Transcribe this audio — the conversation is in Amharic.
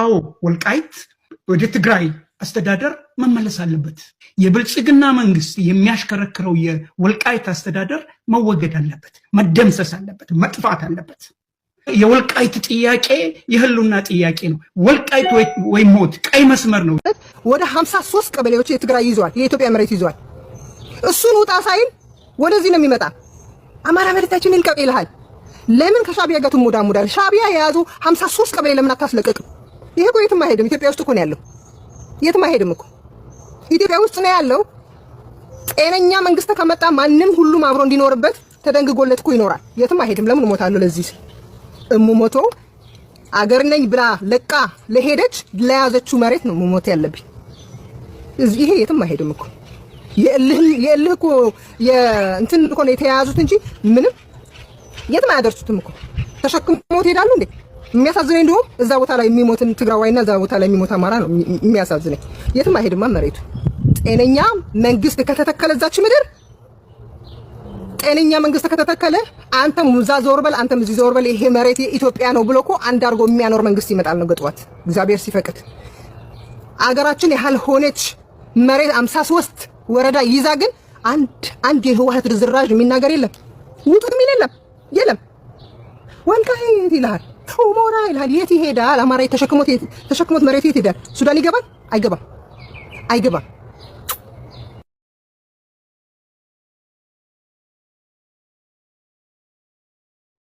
አዎ ወልቃይት ወደ ትግራይ አስተዳደር መመለስ አለበት። የብልጽግና መንግስት የሚያሽከረክረው የወልቃይት አስተዳደር መወገድ አለበት፣ መደምሰስ አለበት፣ መጥፋት አለበት። የወልቃይት ጥያቄ የህሉና ጥያቄ ነው። ወልቃይት ወይ ሞት ቀይ መስመር ነው። ወደ 53 ቀበሌዎች የትግራይ ይዟል፣ የኢትዮጵያ መሬት ይዟል። እሱን ውጣ ሳይል ወደዚህ ነው የሚመጣ። አማራ መሬታችን ይልቀቅ ይልሃል። ለምን ከሻቢያ ጋር ትሞዳሙዳል? ሻቢያ የያዙ 53 ቀበሌ ለምን አታስለቀቅም? ይሄ እኮ የትም አይሄድም። ኢትዮጵያ ውስጥ እኮ ነው ያለው። የትም አይሄድም እኮ ኢትዮጵያ ውስጥ ነው ያለው። ጤነኛ መንግስት ከመጣ ማንም ሁሉም አብሮ እንዲኖርበት ተደንግጎለት እኮ ይኖራል። የትም አይሄድም። ለምን እሞታለሁ? ለዚህ እሙ ሞቶ አገር ነኝ ብላ ለቃ ለሄደች ለያዘችው መሬት ነው ሞት ያለብኝ። እዚህ ይሄ የትም አይሄድም እኮ የእልህ እኮ እንትን እኮ ነው የተያያዙት እንጂ ምንም የትም አያደርሱትም እኮ። ተሸክሞ ትሄዳሉ እንዴ? የሚያሳዝነኝ እንዲሁም እዛ ቦታ ላይ የሚሞትን ትግራዋይና እዛ ቦታ ላይ የሚሞት አማራ ነው የሚያሳዝነኝ። የትም አይሄድማ መሬቱ። ጤነኛ መንግስት ከተተከለ እዛች ምድር ጤነኛ መንግስት ከተተከለ አንተም እዛ ዞር በል አንተም እዚህ ዞር በል ይሄ መሬት የኢትዮጵያ ነው ብሎ እኮ አንድ አድርጎ የሚያኖር መንግስት ይመጣል ነው ገጥዋት እግዚአብሔር ሲፈቅድ አገራችን ያልሆነች መሬት 53 ወረዳ ይዛ ግን አንድ አንድ የህወሓት ርዝራዥ የሚናገር የለም፣ ውጡ የሚል የለም የለም። ወልቃይት ይልሃል ሞራ ይላል። የት ይሄዳል? አማራ ተሸክሞት መሬት የት ይሄዳል? ሱዳን ይገባል? አይገባም፣ አይገባም።